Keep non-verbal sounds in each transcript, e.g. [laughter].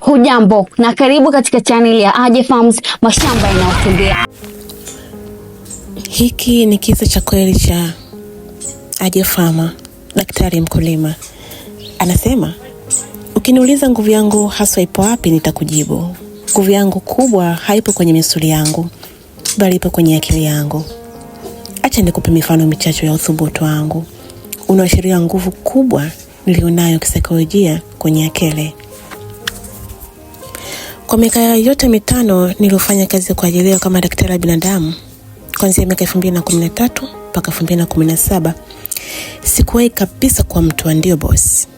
Hujambo na karibu katika chaneli ya Aje Farms, mashamba yanayotembea. Hiki ni kisa cha kweli cha Aje Farma, daktari mkulima. Anasema, ukiniuliza nguvu yangu haswa ipo wapi, nitakujibu nguvu yangu kubwa haipo kwenye misuli yangu, bali ipo kwenye akili yangu. Acha nikupe mifano michache ya uthubutu wangu unaashiria nguvu kubwa nilionayo kisaikolojia kwenye akili. Kwa miaka yote mitano niliofanya kazi kwa ajili yao kama daktari wa binadamu kuanzia miaka elfu mbili na kumi na tatu mpaka elfu mbili na kumi na saba sikuwahi kabisa kuwa mtu wa ndio bosi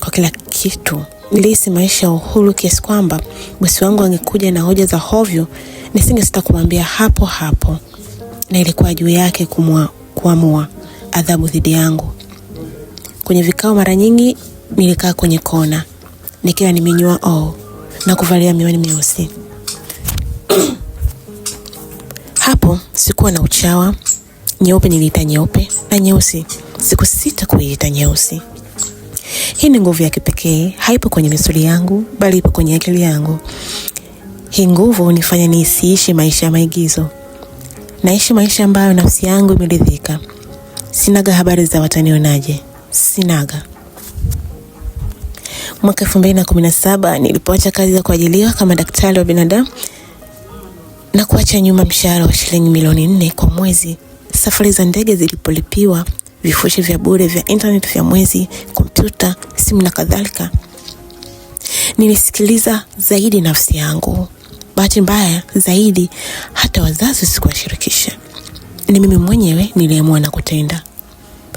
kwa kila kitu. Nilihisi maisha ya uhuru kiasi kwamba bosi wangu angekuja na hoja za hovyo nisingesita kumwambia hapo hapo na ilikuwa juu yake kumua, kuamua adhabu dhidi yangu. Kwenye vikao mara nyingi nilikaa kwenye kona nikiwa nimenyua o na kuvalia miwani meusi. [clears throat] Hapo sikuwa na uchawa. Nyeupe niliita nyeupe na nyeusi siku sita kuiita nyeusi. Hii ni nguvu ya kipekee, haipo kwenye misuli yangu, bali ipo kwenye akili yangu. Hii nguvu hunifanya nisiishi maisha ya maigizo. Naishi maisha ambayo nafsi yangu imeridhika. Sinaga habari za watanionaje, sinaga. Mwaka 2017 nilipoacha kazi za kuajiliwa kama daktari wa binadamu na kuacha nyuma mshahara wa shilingi milioni nne kwa mwezi, safari za ndege zilipolipiwa, vifurushi vya bure vya internet vya mwezi, kompyuta, simu na kadhalika, nilisikiliza zaidi nafsi yangu. Bahati mbaya zaidi, hata wazazi sikuwashirikisha, ni mimi mwenyewe niliamua na kutenda.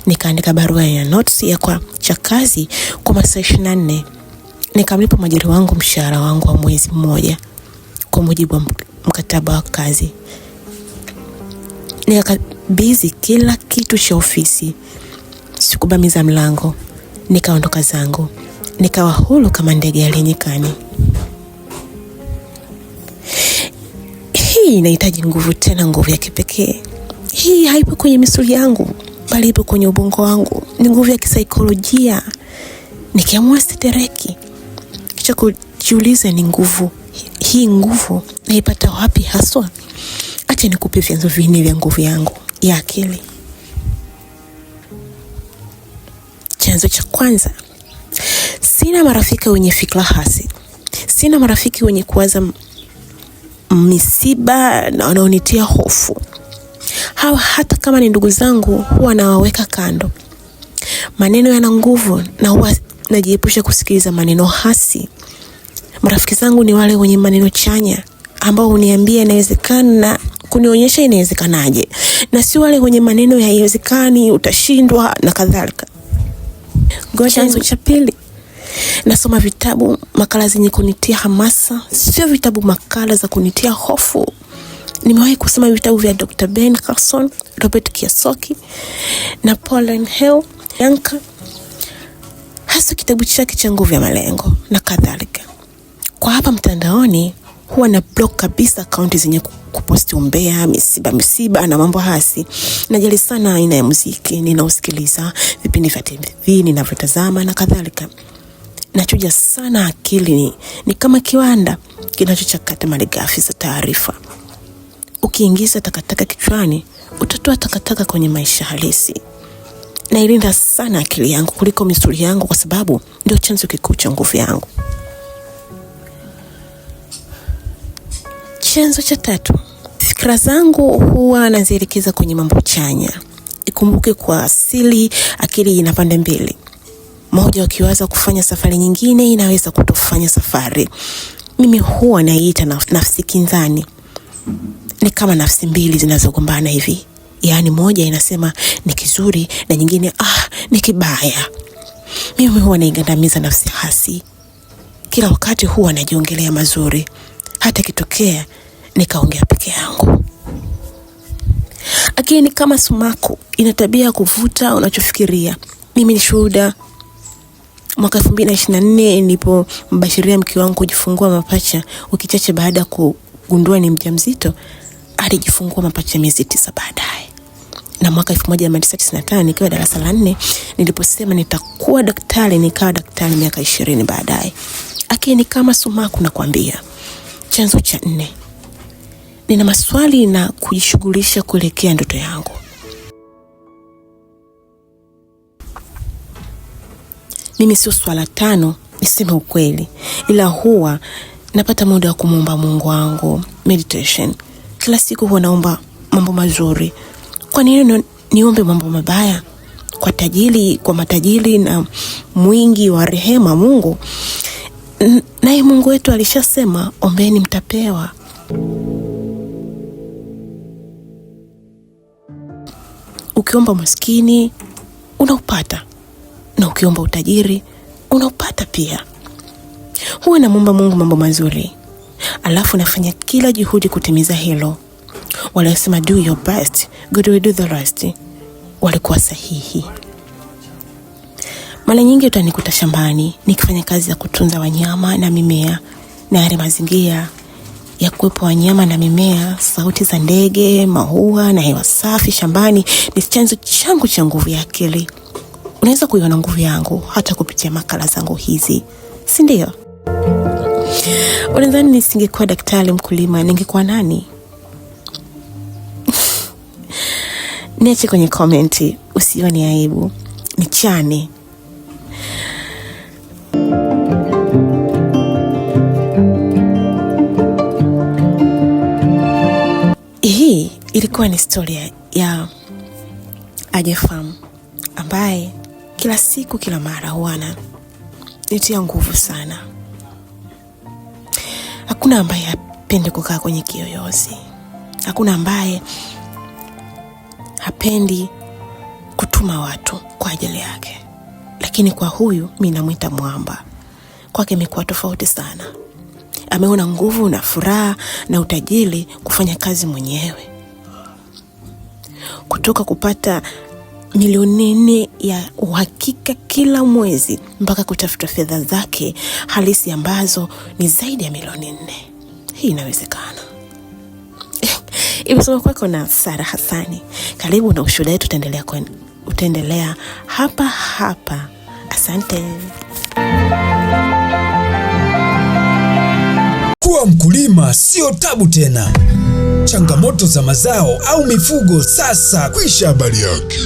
Nikaandika barua ya notes ya kwa cha kazi kwa masaa ishirini na nne nikamlipa mwajiri wangu mshahara wangu wa mwezi mmoja kwa mujibu wa mkataba wa kazi. Nikakabidhi kila kitu cha ofisi, sikubamiza mlango, nikaondoka zangu, nikawa huru kama ndege aliye Hii inahitaji nguvu, tena nguvu ya kipekee. Hii haipo kwenye misuli yangu, bali ipo kwenye ubongo wangu. Ni nguvu ya kisaikolojia. Nikiamua sitereki, kicha kujiuliza, ni nguvu hii, nguvu naipata wapi haswa? Acha nikupe vyanzo vinne vya nguvu yangu ya akili. Chanzo cha kwanza, sina marafiki wenye fikra hasi. Sina marafiki wenye kuwaza misiba na wanaonitia hofu hawa, hata kama ni ndugu zangu, huwa nawaweka kando. Maneno yana nguvu na huwa najiepusha kusikiliza maneno hasi. Marafiki zangu ni wale wenye maneno chanya ambao huniambia inawezekana na kunionyesha inawezekanaje, na si wale wenye maneno ya haiwezekani, utashindwa na kadhalika. Chanzo cha pili Nasoma vitabu makala zenye kunitia hamasa, sio vitabu makala za kunitia hofu. Nimewahi kusoma vitabu vya Dr. Ben Carson, Robert Kiyosaki, Napoleon Hill, Yanka, hasa kitabu chake cha Nguvu ya Malengo na kadhalika. Kwa hapa mtandaoni huwa na block kabisa akaunti zenye kuposti umbea, misiba misiba na mambo hasi. Najali sana aina ya muziki ninaosikiliza vipindi vya TV ninavyotazama na kadhalika inachuja sana akili ni, ni kama kiwanda kinachochakata malighafi za taarifa. Ukiingiza takataka kichwani, utatoa takataka kwenye maisha halisi. Nailinda sana akili yangu kuliko misuli yangu, kwa sababu ndio chanzo kikuu cha nguvu yangu. Chanzo cha tatu, fikra zangu huwa nazielekeza kwenye mambo chanya. Ikumbuke kwa asili akili ina pande mbili, moja ukiwaza kufanya safari nyingine inaweza kutofanya safari. Mimi huwa naiita naf nafsi kinzani, ni kama nafsi mbili zinazogombana hivi, yaani moja inasema ni kizuri na nyingine ah, ni kibaya. Mimi huwa naigandamiza nafsi hasi, kila wakati huwa najiongelea mazuri, hata kitokea nikaongea peke yangu. Akili kama sumaku, ina tabia ya kuvuta unachofikiria. Mimi ni shuhuda Mwaka 2024 mbashiria mke wangu kujifungua mapacha, wiki chache baada ya kugundua ni mjamzito, alijifungua mapacha miezi tisa baadaye. Na mwaka 1995 nikiwa darasa la nne, niliposema nitakuwa daktari, nikawa daktari miaka ishirini baadaye. Akini kama sumaku nakwambia. Chanzo cha nne, nina maswali na kujishughulisha kuelekea ndoto yangu. mimi sio swala tano, niseme ukweli, ila huwa napata muda wa kumwomba Mungu wangu meditation. Kila siku huwa naomba mambo mazuri. Kwa nini niombe mambo mabaya? Kwa tajili kwa matajiri na mwingi wa rehema Mungu, naye Mungu wetu alishasema, ombeni mtapewa. Ukiomba maskini unaupata, na ukiomba utajiri unaopata pia. Huwa namwomba Mungu mambo mazuri, alafu nafanya kila juhudi kutimiza hilo. Waliosema do your best, God will do the rest walikuwa sahihi. Mara nyingi utanikuta shambani nikifanya kazi za kutunza wanyama na mimea, na yale mazingira ya kuwepo wanyama na mimea, sauti za ndege, maua na hewa safi shambani ni chanzo changu cha nguvu ya akili unaweza kuiona nguvu yangu hata kupitia makala zangu hizi, si ndio? Unadhani nisingekuwa daktari mkulima, ningekuwa nani? [laughs] Niache kwenye komenti, usioni aibu, nichane. Hii ilikuwa ni historia ya Ajefamu ambaye kila siku, kila mara Bwana nitia nguvu sana. Hakuna ambaye apende kukaa kwenye kiyoyozi, hakuna ambaye hapendi kutuma watu kwa ajili yake, lakini kwa huyu mi namwita mwamba, kwake imekuwa tofauti sana. Ameona nguvu na furaha na utajiri kufanya kazi mwenyewe kutoka kupata milioni nne ya uhakika kila mwezi mpaka kutafuta fedha zake halisi ambazo ni zaidi ya milioni nne. Hii inawezekana. [laughs] Imesoma kwako na Sara Hasani. Karibu na ushuhuda wetu, utaendelea utaendelea hapa hapa. Asante. Kuwa mkulima sio tabu tena changamoto za mazao au mifugo. Sasa kwisha habari yake.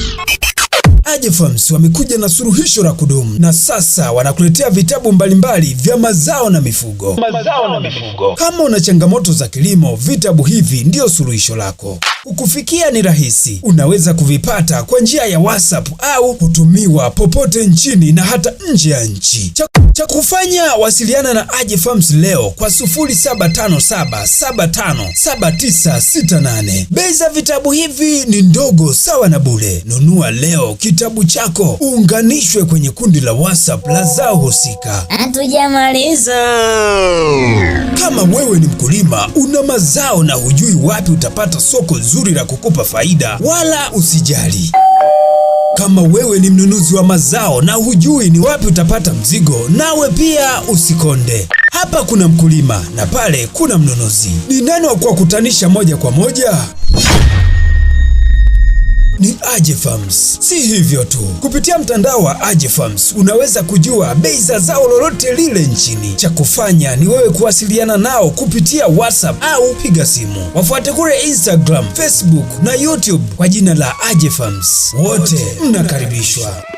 AG Farms wamekuja na suluhisho la kudumu na sasa wanakuletea vitabu mbalimbali vya mazao na mifugo. Mazao na mifugo. Kama una changamoto za kilimo, vitabu hivi ndio suluhisho lako. Kukufikia ni rahisi, unaweza kuvipata kwa njia ya WhatsApp au kutumiwa popote nchini na hata nje ya nchi. Cha kufanya wasiliana na Aje Farms leo kwa 0757757968. Bei za vitabu hivi ni ndogo sawa na bure. Nunua leo kitabu chako uunganishwe kwenye kundi la WhatsApp la zao husika. Hatujamaliza. Kama wewe ni mkulima, una mazao na hujui wapi utapata soko zuri la kukupa faida, wala usijali. Kama wewe ni mnunuzi wa mazao na hujui ni wapi utapata mzigo, nawe pia usikonde. Hapa kuna mkulima na pale kuna mnunuzi. Ni nani wa kuwakutanisha moja kwa moja? ni Aje Farms. Si hivyo tu, kupitia mtandao wa Aje Farms unaweza kujua bei za zao lolote lile nchini. Cha kufanya ni wewe kuwasiliana nao kupitia WhatsApp au piga simu. Wafuate kule Instagram, Facebook na YouTube kwa jina la Aje Farms. Wote mnakaribishwa.